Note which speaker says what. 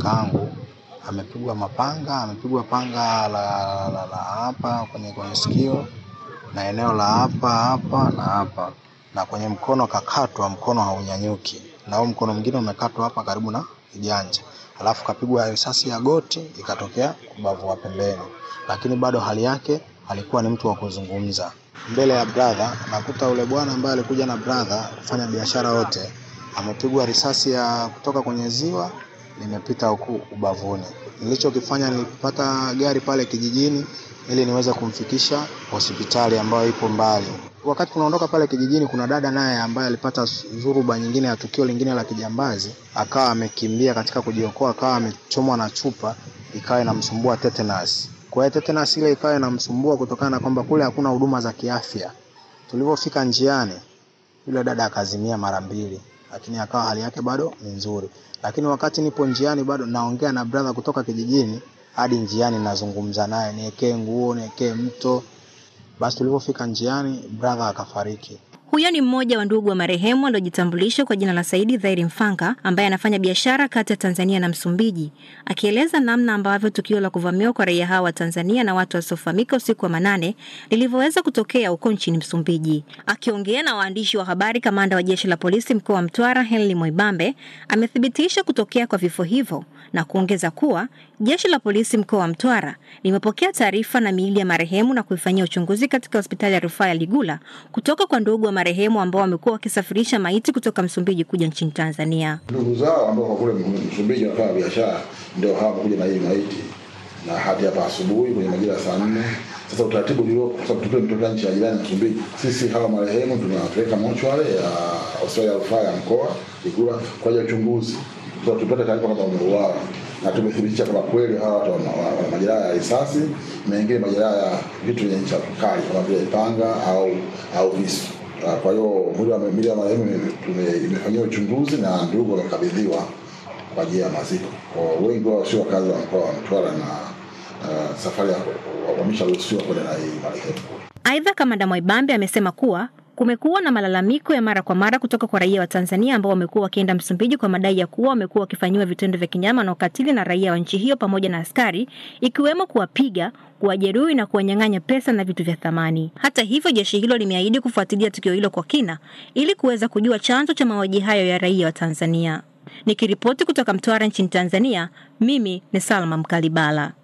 Speaker 1: Kakaangu amepigwa mapanga, amepigwa panga la la la hapa kwenye kwenye sikio na eneo la hapa hapa na hapa, na kwenye mkono kakatwa, mkono haunyanyuki, na huo mkono mwingine umekatwa hapa karibu na kiganja, alafu kapigwa risasi ya goti ikatokea kubavu wa pembeni, lakini bado hali yake alikuwa ni mtu wa kuzungumza. Mbele ya brother nakuta ule bwana ambaye alikuja na brother kufanya biashara yote amepigwa risasi ya kutoka kwenye ziwa nimepita huku ubavuni. Nilichokifanya, nilipata gari pale kijijini ili niweze kumfikisha hospitali ambayo ipo mbali. Wakati tunaondoka pale kijijini, kuna dada naye ambaye alipata dhuruba nyingine ya tukio lingine la kijambazi, akawa amekimbia katika kujiokoa, akawa amechomwa na chupa, ikawa inamsumbua tetanus. Kwa hiyo tetanus ile ikawa inamsumbua kutokana na kwamba kule hakuna huduma za kiafya. Tulivyofika njiani, yule dada akazimia mara mbili lakini akawa hali yake bado ni nzuri. Lakini wakati nipo njiani bado naongea na brother kutoka kijijini hadi njiani, nazungumza naye, niekee nguo, niekee mto. Basi tulipofika njiani brother akafariki.
Speaker 2: Huyo ni mmoja wa ndugu wa marehemu aliojitambulisha kwa jina la Saidi Dhairi Mfanga, ambaye anafanya biashara kati ya Tanzania na Msumbiji, akieleza namna ambavyo tukio la kuvamiwa kwa raia hawa wa Tanzania na watu wasiofahamika usiku wa manane lilivyoweza kutokea huko nchini Msumbiji. Akiongea na waandishi wa habari, kamanda wa jeshi la polisi mkoa wa Mtwara Henry Mwibambe amethibitisha kutokea kwa vifo hivyo na kuongeza kuwa jeshi la polisi mkoa wa Mtwara limepokea taarifa na miili ya marehemu na kuifanyia uchunguzi katika hospitali ya rufaa ya Ligula kutoka kwa ndugu wa marehemu ambao wamekuwa wakisafirisha maiti kutoka Msumbiji kuja nchini Tanzania.
Speaker 3: Ndugu zao ambao wako kule Msumbiji wanafanya biashara ndio hawa wamekuja na hii maiti na hadi hapa asubuhi kwenye majira ya saa nne. Sasa utaratibu ulio, kwa sababu tupe mtoto nchi ya jirani Msumbiji, sisi hawa marehemu tunawapeleka mochwale ya hospitali ya rufaa ya mkoa Kigura kwa ajili ya uchunguzi, kwa tupate taarifa kama wameuawa na tumethibitisha kwamba kweli hawa watu wana majeraha ya risasi, mengine majeraha ya vitu vyenye ncha kali kama vile panga au au visu. Ah, kwa hiyo mwili wa marehemu imefanyiwa uchunguzi na ndugu wamekabidhiwa kwa ajili ya maziko. Kwa wengi wao sio wakazi wa mkoa wa Mtwara na ah, safari ya wamesharuhusiwa kwenda na hii marehemu.
Speaker 2: Aidha, Kamanda Mwaibambe amesema kuwa Kumekuwa na malalamiko ya mara kwa mara kutoka kwa raia wa Tanzania ambao wamekuwa wakienda Msumbiji kwa madai ya kuwa wamekuwa wakifanyiwa vitendo vya kinyama na ukatili na raia wa nchi hiyo pamoja na askari, ikiwemo kuwapiga, kuwajeruhi na kuwanyang'anya pesa na vitu vya thamani. Hata hivyo, jeshi hilo limeahidi kufuatilia tukio hilo kwa kina ili kuweza kujua chanzo cha mauaji hayo ya raia wa Tanzania. Nikiripoti kutoka Mtwara nchini Tanzania, mimi ni Salma Mkalibala.